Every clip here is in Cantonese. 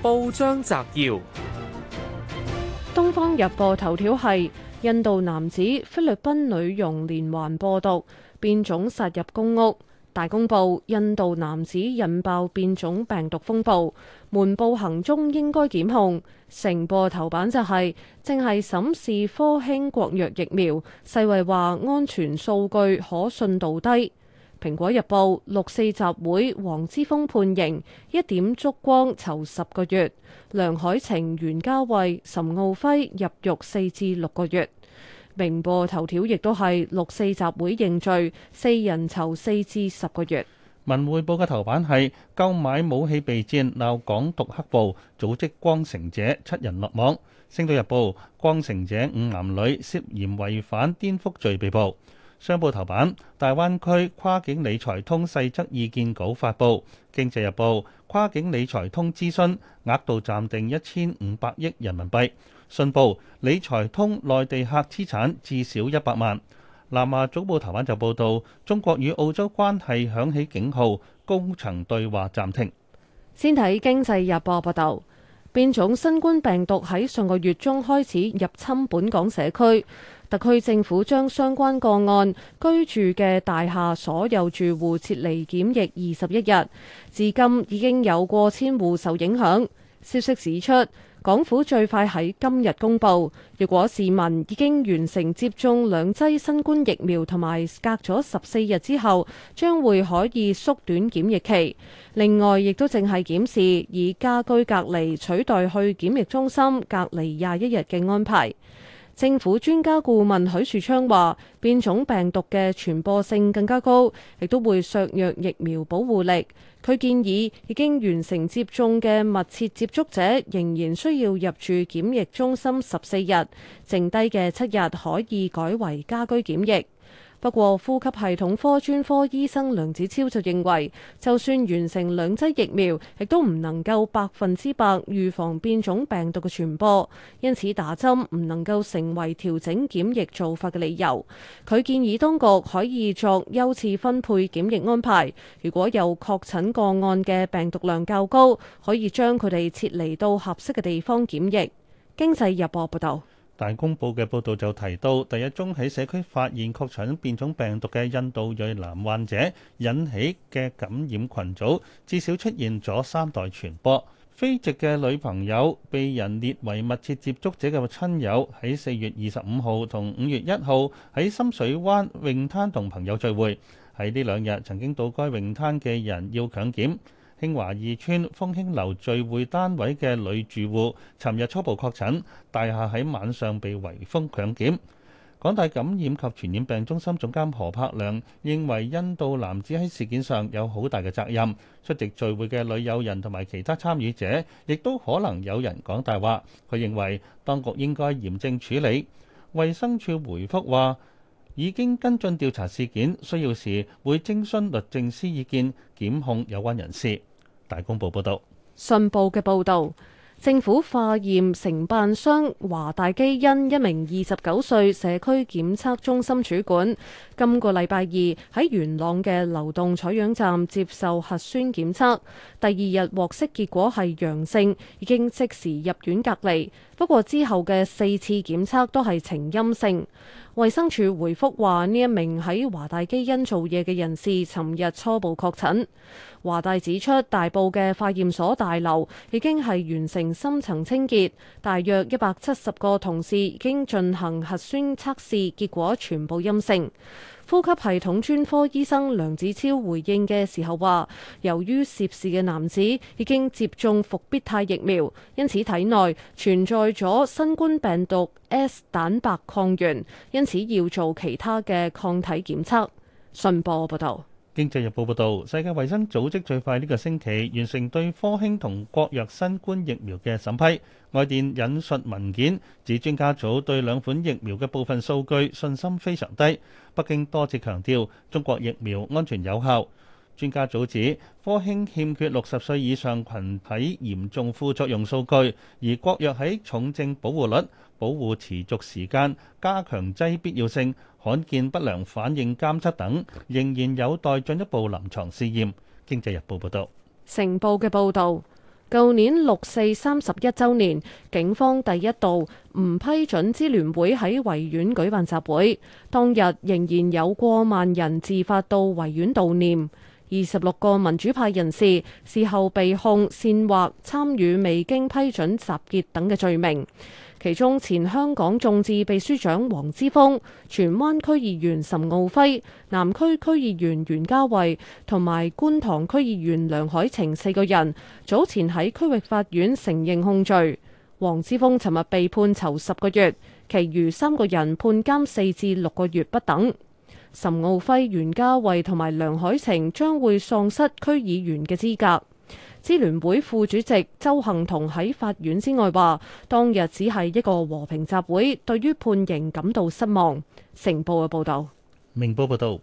報章摘要：東方日報頭條係印度男子菲律賓女傭連環播毒變種殺入公屋大公報印度男子引爆變種病毒風暴瞞報行蹤應該檢控。成報頭版就係、是、正係審視科興國藥疫苗世衛話安全數據可信度低。《蘋果日報》六四集會黃之鋒判刑，一點燭光囚十個月；梁凱晴、袁嘉蔚、岑敖暉入獄四至六個月。《明報》頭條亦都係六四集會認罪，四人囚四至十個月。《文匯報》嘅頭版係購買武器備戰鬧港獨黑暴，組織光城者七人落網。《星島日報》光城者五男女涉嫌違反顛覆罪被捕。商報頭版，《大灣區跨境理財通細則意見稿》發布。經濟日報，《跨境理財通諮詢額度暫定一千五百億人民幣》。信報，《理財通內地客資產至少一百萬》。南華早報頭版就報道，中國與澳洲關係響起警號，高層對話暫停。先睇經濟日報報道。變種新冠病毒喺上個月中開始入侵本港社區，特區政府將相關個案居住嘅大廈所有住戶撤離檢疫二十一日，至今已經有過千戶受影響。消息指出。港府最快喺今日公布，如果市民已經完成接種兩劑新冠疫苗同埋隔咗十四日之後，將會可以縮短檢疫期。另外，亦都正係檢視以家居隔離取代去檢疫中心隔離廿一日嘅安排。政府專家顧問許樹昌話，變種病毒嘅傳播性更加高，亦都會削弱疫苗保護力。佢建議已經完成接種嘅密切接觸者仍然需要入住檢疫中心十四日，剩低嘅七日可以改為家居檢疫。不過，呼吸系統科專科醫生梁子超就認為，就算完成兩劑疫苗，亦都唔能夠百分之百預防變種病毒嘅傳播，因此打針唔能夠成為調整檢疫做法嘅理由。佢建議當局可以作優次分配檢疫安排，如果有確診個案嘅病毒量較高，可以將佢哋撤離到合適嘅地方檢疫。經濟日報報道。大公報嘅報道就提到，第一宗喺社區發現確診變種病毒嘅印度裔男患者引起嘅感染群組，至少出現咗三代傳播。菲籍嘅女朋友被人列為密切接觸者嘅親友，喺四月二十五號同五月一號喺深水灣泳灘同朋友聚會，喺呢兩日曾經到該泳灘嘅人要強檢。興華二村豐興樓聚會單位嘅女住戶，尋日初步確診，大廈喺晚上被圍封強檢。港大感染及傳染病中心總監何柏良認為，印度男子喺事件上有好大嘅責任，出席聚會嘅女友人同埋其他參與者，亦都可能有人講大話。佢認為當局應該嚴正處理。衛生署回覆話，已經跟進調查事件，需要時會徵詢律政司意見，檢控有關人士。大公報報道，信報嘅報道，政府化驗承辦商華大基因一名二十九歲社區檢測中心主管，今個禮拜二喺元朗嘅流動採樣站接受核酸檢測，第二日獲悉結果係陽性，已經即時入院隔離，不過之後嘅四次檢測都係呈陰性。衛生署回覆話：呢一名喺華大基因做嘢嘅人士，尋日初步確診。華大指出，大埔嘅化驗所大樓已經係完成深層清潔，大約一百七十個同事已經進行核酸測試，結果全部陰性。呼吸系統專科醫生梁子超回應嘅時候話，由於涉事嘅男子已經接種復必泰疫苗，因此體內存在咗新冠病毒 S 蛋白抗原，因此要做其他嘅抗體檢測。信報報道。經濟日報報導，世界衛生組織最快呢個星期完成對科興同國藥新冠疫苗嘅審批。外電引述文件指，專家組對兩款疫苗嘅部分數據信心非常低。北京多次強調中國疫苗安全有效。專家組指科興欠缺六十歲以上群體嚴重副作用數據，而國藥喺重症保護率、保護持續時間、加強劑必要性、罕見不良反應監測等，仍然有待進一步臨床試驗。經濟日報報道，成報嘅報導，舊年六四三十一週年，警方第一度唔批准支聯會喺維園舉辦集會，當日仍然有過萬人自發到維園悼念。二十六個民主派人士事後被控煽惑參與未經批准集結等嘅罪名，其中前香港眾志秘書長黃之鋒、荃灣區議員岑敖暉、南區區議員袁嘉蔚同埋觀塘區議員梁凱晴四個人早前喺區域法院承認控罪。黃之鋒尋日被判囚十個月，其餘三個人判監四至六個月不等。岑敖暉、袁家偉同埋梁海晴將會喪失區議員嘅資格。支聯會副主席周幸彤喺法院之外話，當日只係一個和平集會，對於判刑感到失望。成報嘅報道。明報報道，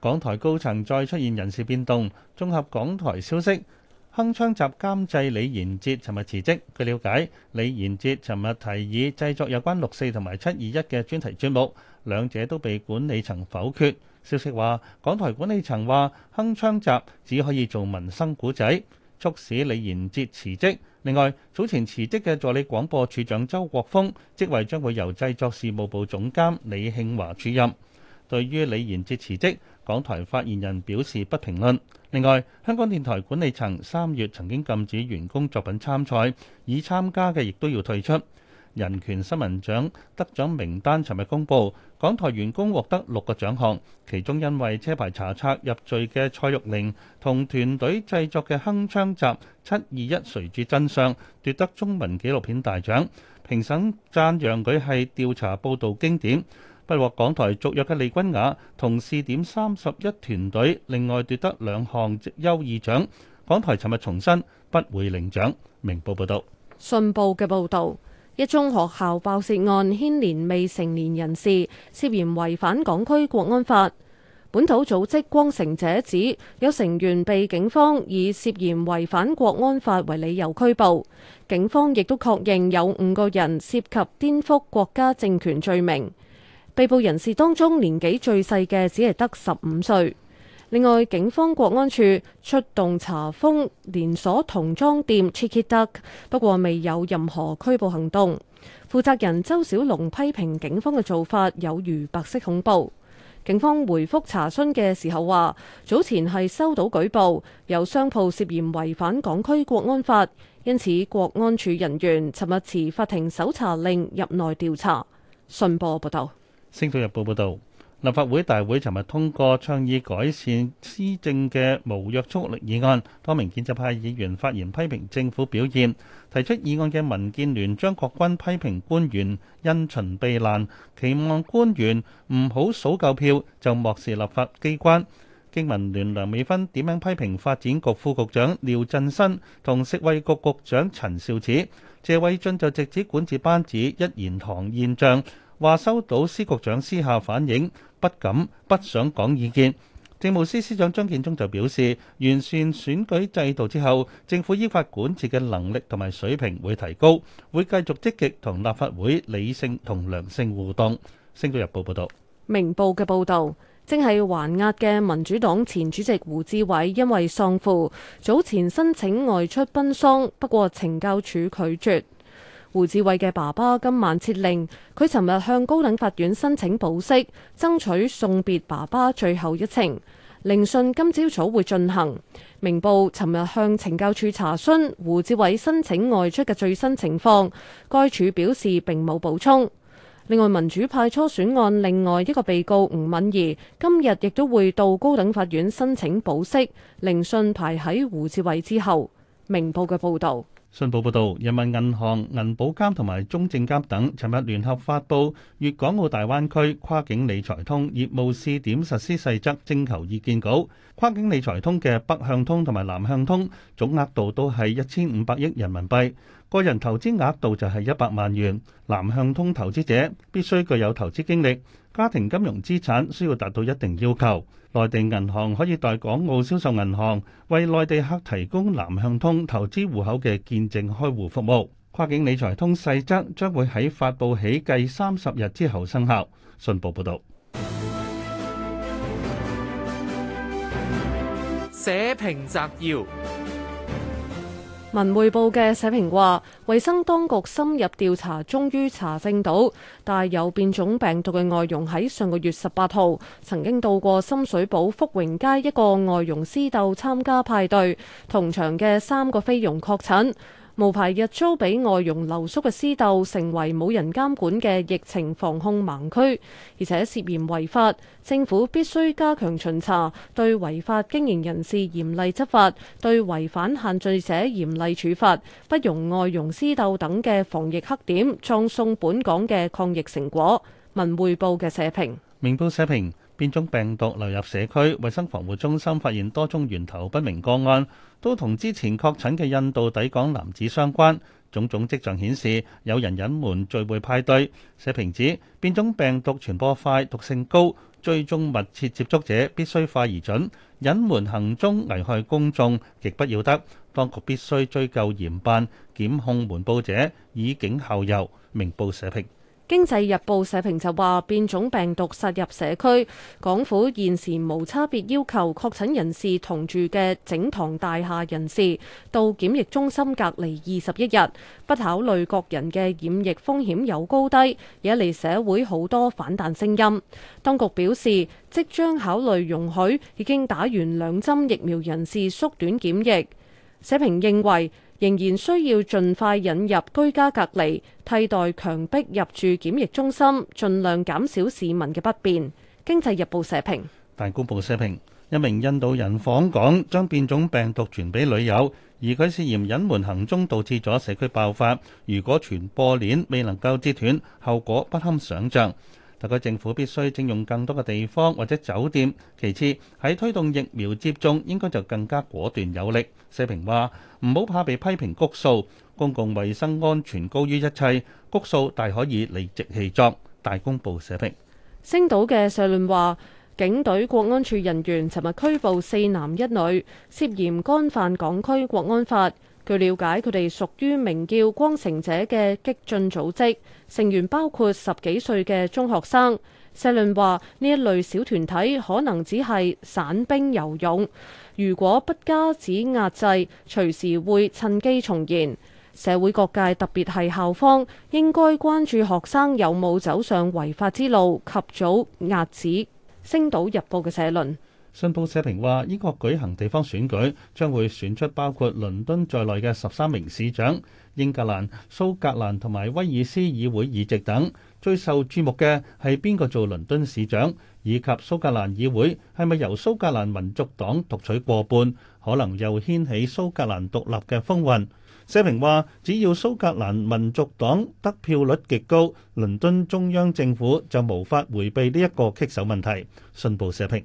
港台高層再出現人事變動。綜合港台消息，鏗鏘集監製李賢哲尋日辭職。據了解，李賢哲尋日提議製作有關六四同埋七二一嘅專題節目。兩者都被管理層否決。消息話，港台管理層話，《鏗鏘集》只可以做民生古仔，促使李賢哲辭職。另外，早前辭職嘅助理廣播處長周國峰職位將會由製作事務部總監李慶華主任。對於李賢哲辭職，港台發言人表示不評論。另外，香港電台管理層三月曾經禁止員工作品參賽，已參加嘅亦都要退出。人權新聞獎得獎名單，尋日公布。港台員工獲得六個獎項，其中因為車牌查冊入罪嘅蔡玉玲同團隊製作嘅《鏗鏘集七二一誰主真相》奪得中文紀錄片大獎。評審讚揚佢係調查報導經典。不獲港台續約嘅利君雅同視點三十一團隊另外奪得兩項優異獎。港台尋日重申不會領獎。明報報道：「信報嘅報導。一宗學校爆竊案牽連未成年人士，涉嫌違反港區國安法。本土組織光城者指有成員被警方以涉嫌違反國安法為理由拘捕，警方亦都確認有五個人涉及顛覆國家政權罪名。被捕人士當中年紀最細嘅只係得十五歲。另外，警方國安處出動查封連鎖童裝店 Chickeeduck，不過未有任何拘捕行動。負責人周小龍批評警方嘅做法有如白色恐怖。警方回覆查詢嘅時候話，早前係收到舉報，有商鋪涉嫌違反港區國安法，因此國安處人員尋日持法庭搜查令入內調查。信報報道，《星島日報》報道。立法會大會尋日通過倡議改善施政嘅無約束力議案，多名建制派議員發言批評政府表現，提出議案嘅民建聯張國鈞批評官員因循避難，期望官員唔好數夠票就漠視立法機關。經民聯梁美芬點名批評發展局副局長廖振新同食衞局局長陳肇始，謝偉俊就直指管治班子一言堂現象，話收到司局長私下反映。不敢、不想講意見。政務司司長張建宗就表示，完善選舉制度之後，政府依法管治嘅能力同埋水平會提高，會繼續積極同立法會理性同良性互動。星島日報報道，明報嘅報道，正係還押嘅民主黨前主席胡志偉因為喪父，早前申請外出奔喪，不過懲教署拒絕。胡志偉嘅爸爸今晚設靈，佢尋日向高等法院申請保釋，爭取送別爸爸最後一程。聆訊今朝早，早會進行。明報尋日向懲教處查詢胡志偉申請外出嘅最新情況，該處表示並冇補充。另外，民主派初選案另外一個被告吳敏儀今日亦都會到高等法院申請保釋，聆訊排喺胡志偉之後。明報嘅報道。信報報導，人民銀行、銀保監同埋中證監等，尋日聯合發布《粵港澳大灣區跨境理財通業務試點實施細則徵求意見稿》。跨境理財通嘅北向通同埋南向通總額度都係一千五百億人民幣。個人投資額度就係一百萬元。南向通投資者必須具有投資經歷，家庭金融資產需要達到一定要求。內地銀行可以代港澳銷售銀行為內地客提供南向通投資戶口嘅見證開戶服務。跨境理財通細則將會喺發布起計三十日之後生效。信報報導。社評摘要。文匯報嘅社評話，衛生當局深入調查，終於查證到帶有變種病毒嘅外傭喺上個月十八號曾經到過深水埗福榮街一個外傭私竇參加派對，同場嘅三個菲傭確診。無牌日租俾外傭留宿嘅私斗，成為冇人監管嘅疫情防控盲區，而且涉嫌違法，政府必須加強巡查，對違法經營人士嚴厲執法，對違反限聚者嚴厲處罰，不容外傭私斗等嘅防疫黑點葬送本港嘅抗疫成果。文匯報嘅社評。明報社評。變種病毒流入社區，衛生防護中心發現多宗源頭不明個案，都同之前確診嘅印度抵港男子相關。種種跡象顯示有人隱瞞聚會派對。社評指變種病毒傳播快、毒性高，追蹤密切接觸者必須快而準。隱瞞行蹤危害公眾，極不要得。當局必須追究嚴辦，檢控瞞報者，以儆效尤。明報社評。經濟日報社評就話：變種病毒殺入社區，港府現時無差別要求確診人士同住嘅整幢大廈人士到檢疫中心隔離二十一日，不考慮各人嘅檢疫風險有高低，惹嚟社會好多反彈聲音。當局表示，即將考慮容許已經打完兩針疫苗人士縮短檢疫。社評認為，仍然需要盡快引入居家隔離替代強迫入住檢疫中心，盡量減少市民嘅不便。經濟日報社評。大公報社評，一名印度人訪港，將變種病毒傳俾女友，而佢涉嫌隱瞞行蹤導，導致咗社區爆發，如果傳播鏈未能夠截斷，後果不堪想象。特區政府必須徵用更多嘅地方或者酒店。其次喺推動疫苗接種，應該就更加果斷有力。社評話唔好怕被批評谷數，公共衞生安全高於一切，谷數大可以理直氣壯。大公報社評，星島嘅社論話，警隊國安處人員尋日拘捕四男一女，涉嫌干犯港區國安法。據了解，佢哋屬於名叫光城者嘅激進組織，成員包括十幾歲嘅中學生。社論話呢一類小團體可能只係散兵游勇，如果不加止壓制，隨時會趁機重燃。社會各界，特別係校方，應該關注學生有冇走上違法之路，及早遏止。星島日報嘅社論。信報社評話：英國舉行地方選舉，將會選出包括倫敦在內嘅十三名市長、英格蘭、蘇格蘭同埋威爾斯議會議席等。最受注目嘅係邊個做倫敦市長，以及蘇格蘭議會係咪由蘇格蘭民族黨獨取過半，可能又掀起蘇格蘭獨立嘅風雲。社評話，只要蘇格蘭民族黨得票率極高，倫敦中央政府就無法迴避呢一個棘手問題。信報社評。